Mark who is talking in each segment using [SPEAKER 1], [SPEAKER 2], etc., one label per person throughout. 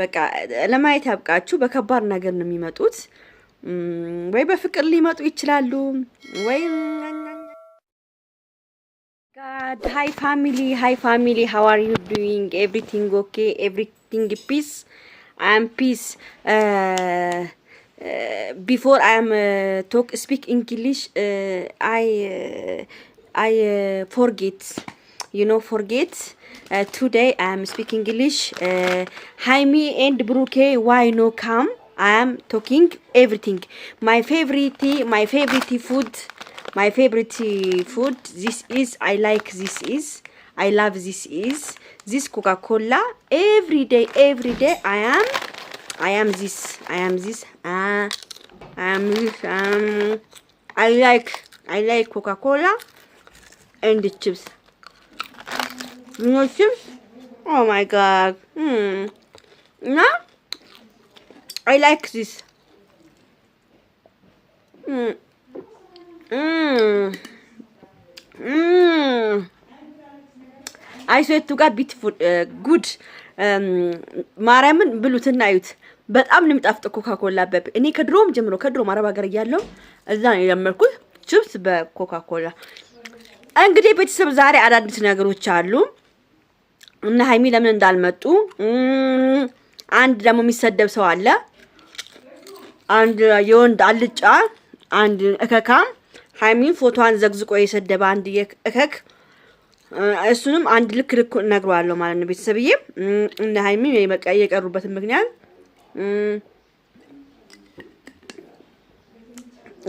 [SPEAKER 1] በቃ ለማየት ያብቃችሁ። በከባድ ነገር ነው የሚመጡት። ወይ በፍቅር ሊመጡ ይችላሉ። ወይ ጋድ ሃይ ፋሚሊ ሃይ ፋሚሊ ሃው አር ዩ ዱዊንግ ኤቭሪቲንግ ኦኬ ኤቭሪቲንግ ፒስ አይ አም ፒስ ቢፎር አይ አም ቶክ ስፒክ ኢንግሊሽ አይ አይ ፎርጌት you know forget uh, today i am speaking english uh, Jaime and bruke why no come i am talking everything my favorite my favorite food my favorite food this is i like this is i love this is this coca-cola every day every day i am i am this i am this uh, i am um, this um i like i like coca-cola and the chips እነዚህ ቺፕስ ኦ ማይ ጋድ እና አይ ላይክ ዚስ አይሶቱ ጋር ቢትፉል ጉድ ማርያምን ብሉትና እዩት። በጣም ነው የሚጣፍጥ ኮካኮላ በብ እኔ ከድሮም ጀምሮ ከድሮም አረብ ሀገር እያለሁ እዛ ነው የለመድኩት ችፕስ በኮካኮላ። እንግዲህ ቤተሰብ ዛሬ አዳዲስ ነገሮች አሉ። እና ሀይሚ ለምን እንዳልመጡ አንድ ደግሞ የሚሰደብ ሰው አለ። አንድ የወንድ አልጫ አንድ እከካ ሀይሚን ፎቶዋን ዘግዝቆ የሰደበ አንድ እከክ እሱንም አንድ ልክ ልክ እነግረዋለሁ ማለት ነው። ቤተሰብዬ እነ ሀይሚ በቃ የቀሩበትን ምክንያት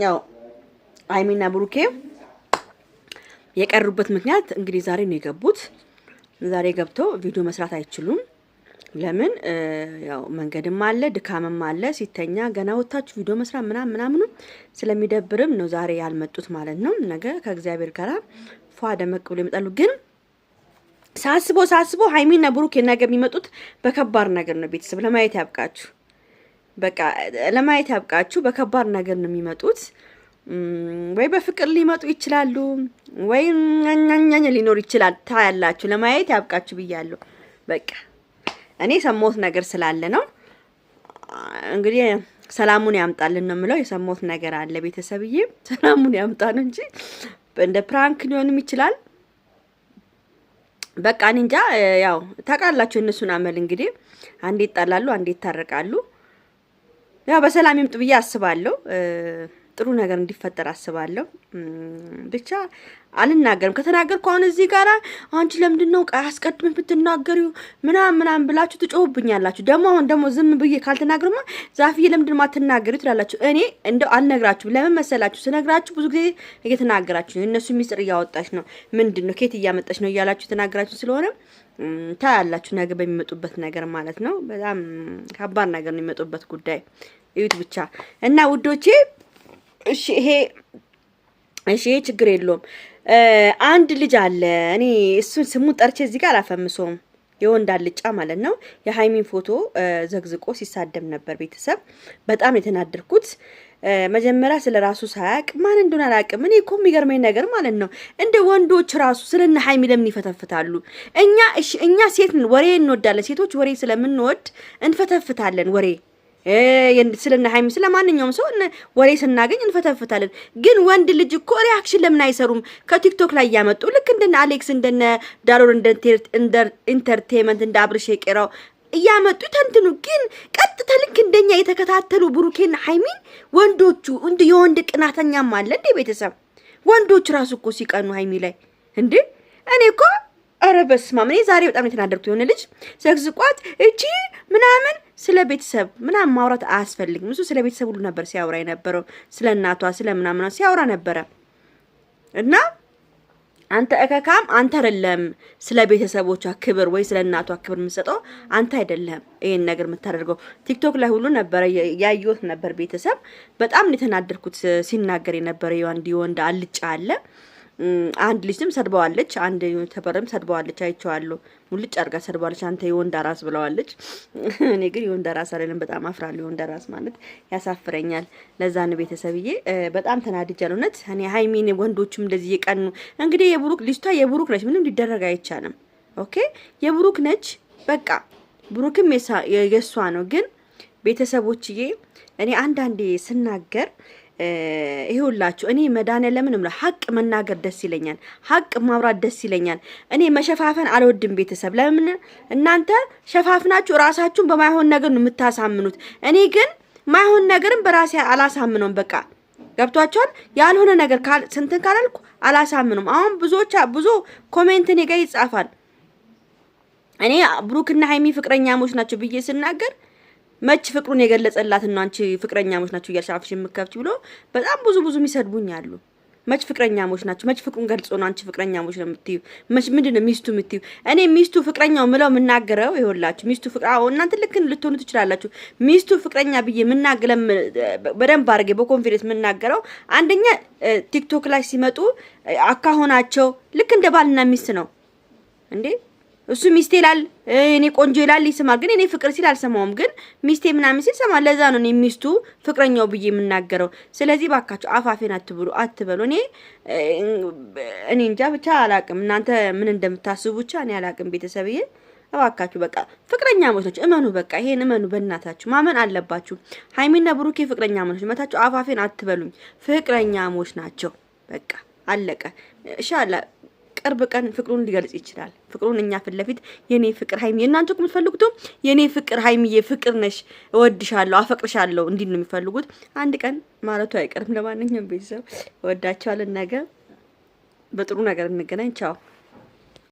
[SPEAKER 1] ያው ሀይሚና ብሩኬ የቀሩበት ምክንያት እንግዲህ ዛሬ ነው የገቡት። ዛሬ ገብተው ቪዲዮ መስራት አይችሉም። ለምን ያው መንገድም አለ ድካምም አለ። ሲተኛ ገና ወታችሁ ቪዲዮ መስራት ምናምን ምናምኑ ስለሚደብርም ነው ዛሬ ያልመጡት ማለት ነው። ነገ ከእግዚአብሔር ጋር ፏ ደመቅ ብሎ ይመጣሉ። ግን ሳስቦ ሳስቦ ሀይሚና ብሩክ ነገ የሚመጡት በከባድ ነገር ነው። ቤተሰብ ለማየት ያብቃችሁ፣ በቃ ለማየት ያብቃችሁ። በከባድ ነገር ነው የሚመጡት። ወይ በፍቅር ሊመጡ ይችላሉ፣ ወይ ኛኛኝ ሊኖር ይችላል። ታያላችሁ፣ ለማየት ያብቃችሁ ብያለሁ። በቃ እኔ ሰሞት ነገር ስላለ ነው። እንግዲህ ሰላሙን ያምጣልን ነው የምለው። የሰሞት ነገር አለ ቤተሰብዬ፣ ሰላሙን ያምጣ ነው እንጂ እንደ ፕራንክ ሊሆንም ይችላል። በቃ እኔ እንጃ። ያው ታውቃላችሁ እነሱን አመል እንግዲህ አንዴ ይጣላሉ፣ አንዴ ይታረቃሉ። ያው በሰላም ይምጡ ብዬ አስባለሁ። ጥሩ ነገር እንዲፈጠር አስባለሁ። ብቻ አልናገርም። ከተናገርኩ አሁን እዚህ ጋር አንቺ ለምንድን ነው አስቀድም ብትናገሪው ምናምን ምናምን ብላችሁ ትጮሁብኛላችሁ። ደግሞ አሁን ደግሞ ዝም ብዬ ካልተናገርማ ዛፍዬ ለምንድን ማትናገሪው ትላላችሁ። እኔ እንደው አልነግራችሁ ለምን መሰላችሁ? ስነግራችሁ ብዙ ጊዜ እየተናገራችሁ እነሱ ሚስጥር እያወጣች ነው ምንድን ነው ኬት እያመጣች ነው እያላችሁ የተናገራችሁ ስለሆነ ታያላችሁ። ነገ በሚመጡበት ነገር ማለት ነው። በጣም ከባድ ነገር ነው የሚመጡበት ጉዳይ እዩት ብቻ እና ውዶቼ እሺ ይሄ እሺ ይሄ ችግር የለውም። አንድ ልጅ አለ። እኔ እሱን ስሙን ጠርቼ እዚህ ጋር አላፈምሰውም። የወንድ አልጫ ማለት ነው። የሀይሚን ፎቶ ዘግዝቆ ሲሳደብ ነበር። ቤተሰብ በጣም የተናደርኩት መጀመሪያ ስለ ራሱ ሳያቅ ማን እንደሆነ አላውቅም። እኔ እኮ የሚገርመኝ ነገር ማለት ነው እንደ ወንዶች ራሱ ስለነ ሀይሚ ለምን ይፈተፍታሉ? እኛ እኛ ሴት ወሬ እንወዳለን። ሴቶች ወሬ ስለምንወድ እንፈተፍታለን ወሬ ስለና ሀይሚ ስለ ማንኛውም ሰው ወሬ ስናገኝ እንፈተፍታለን። ግን ወንድ ልጅ እኮ ሪያክሽን ለምን አይሰሩም? ከቲክቶክ ላይ እያመጡ ልክ እንደነ አሌክስ እንደነ ዳሮር እንደ ኢንተርቴንመንት እንደ አብርሽ የቄራው እያመጡ ተንትኑ። ግን ቀጥታ ልክ እንደኛ የተከታተሉ ብሩኬና ሀይሚን ወንዶቹ እንዲ የወንድ ቅናተኛም አለ እንዴ ቤተሰብ ወንዶች ራሱ እኮ ሲቀኑ ሀይሚ ላይ እንዴ እኔ እኮ ኧረ በስመ አብ! እኔ ዛሬ በጣም የተናደድኩት የሆነ ልጅ ዘግዝቋት እቺ ምናምን ስለ ቤተሰብ ምናምን ማውራት አያስፈልግም። እሱ ስለ ቤተሰብ ሁሉ ነበር ሲያወራ የነበረው፣ ስለ እናቷ ስለ ምናምን ሲያወራ ነበረ እና አንተ እከካም አንተ አይደለም ስለ ቤተሰቦቿ ክብር ወይ ስለ እናቷ ክብር የምትሰጠው አንተ አይደለም ይህን ነገር የምታደርገው። ቲክቶክ ላይ ሁሉ ነበረ ያየሁት ነበር። ቤተሰብ በጣም የተናደርኩት ሲናገር የነበረ የወንድ ወንድ አልጫ አለ አንድ ልጅም ሰድበዋለች። አንድ ተበረም ሰድበዋለች። አይቼዋለሁ። ሙልጭ አርጋ ሰድበዋለች። አንተ የወንድ አራስ ብለዋለች። እኔ ግን የወንድ አራስ አይደለም፣ በጣም አፍራለሁ። የወንድ አራስ ማለት ያሳፍረኛል። ለዛ ነው ቤተሰብዬ በጣም ተናድጃለሁ። እውነት እኔ ሀይሚን ወንዶችም እንደዚህ የቀኑ እንግዲህ የብሩክ ልጅቷ የብሩክ ነች። ምንም ሊደረግ አይቻልም። ኦኬ የብሩክ ነች። በቃ ብሩክም የሷ ነው። ግን ቤተሰቦችዬ እኔ አንዳንዴ ስናገር ይሁላችሁ እኔ መድኃኒዓለምን ነው ሀቅ መናገር ደስ ይለኛል። ሀቅ ማብራት ደስ ይለኛል። እኔ መሸፋፈን አልወድም። ቤተሰብ ለምን እናንተ ሸፋፍናችሁ ራሳችሁን በማይሆን ነገር ነው የምታሳምኑት? እኔ ግን ማይሆን ነገርም በራሴ አላሳምነውም። በቃ ገብቷቸዋል። ያልሆነ ነገር ስንትን ካላልኩ አላሳምኑም። አሁን ብዙዎች ብዙ ኮሜንት እኔ ጋር ይጻፋል። እኔ ብሩክና ሀይሚ ፍቅረኛሞች ናቸው ብዬ ስናገር መች ፍቅሩን የገለጸላት እና አንቺ ፍቅረኛሞች ናችሁ እያልሽ አፍሽ የምከፍች ብሎ በጣም ብዙ ብዙ የሚሰድቡኝ አሉ። መች ፍቅረኛሞች ናችሁ፣ መች ፍቅሩን ገልጾ ነው አንቺ ፍቅረኛሞች ነው የምትዩ፣ መች ምንድን ነው ሚስቱ የምትዩ። እኔ ሚስቱ ፍቅረኛው ምለው የምናገረው ይሆላችሁ ሚስቱ ፍቅ አዎ እናንተ ልክ ልትሆኑ ትችላላችሁ። ሚስቱ ፍቅረኛ ብዬ የምናገለም በደንብ አድርጌ በኮንፊደንስ የምናገረው አንደኛ ቲክቶክ ላይ ሲመጡ አካሆናቸው ልክ እንደ ባልና ሚስት ነው እንዴ እሱ ሚስቴ ይላል፣ እኔ ቆንጆ ይላል ይስማል። ግን እኔ ፍቅር ሲል አልሰማውም፣ ግን ሚስቴ ምናምን ሲል ሰማ። ለዛ ነው እኔ ሚስቱ ፍቅረኛው ብዬ የምናገረው። ስለዚህ ባካቸው አፋፌን አትብሉ አትበሉ። እኔ እኔ እንጃ ብቻ አላቅም፣ እናንተ ምን እንደምታስቡ ብቻ እኔ አላቅም። ቤተሰብዬ እባካችሁ በቃ ፍቅረኛ ሞች ናቸው፣ እመኑ። በቃ ይሄን እመኑ፣ በእናታችሁ ማመን አለባችሁ። ሀይሚና ብሩኬ ፍቅረኛ ሞች ናቸው። መታችሁ አፋፌን አትበሉኝ። ፍቅረኛ ሞች ናቸው። በቃ አለቀ። ሻላ በቅርብ ቀን ፍቅሩን ሊገልጽ ይችላል። ፍቅሩን እኛ ፊት ለፊት የኔ ፍቅር ሀይሚ እናንተ እኮ የምትፈልጉትም የኔ ፍቅር ሀይሚዬ ፍቅር ነሽ፣ እወድሻለሁ፣ አፈቅርሻለሁ እንዲህ ነው የሚፈልጉት። አንድ ቀን ማለቱ አይቀርም። ለማንኛውም ቤተሰብ እወዳቸዋለን። ነገ በጥሩ ነገር እንገናኝ። ቻው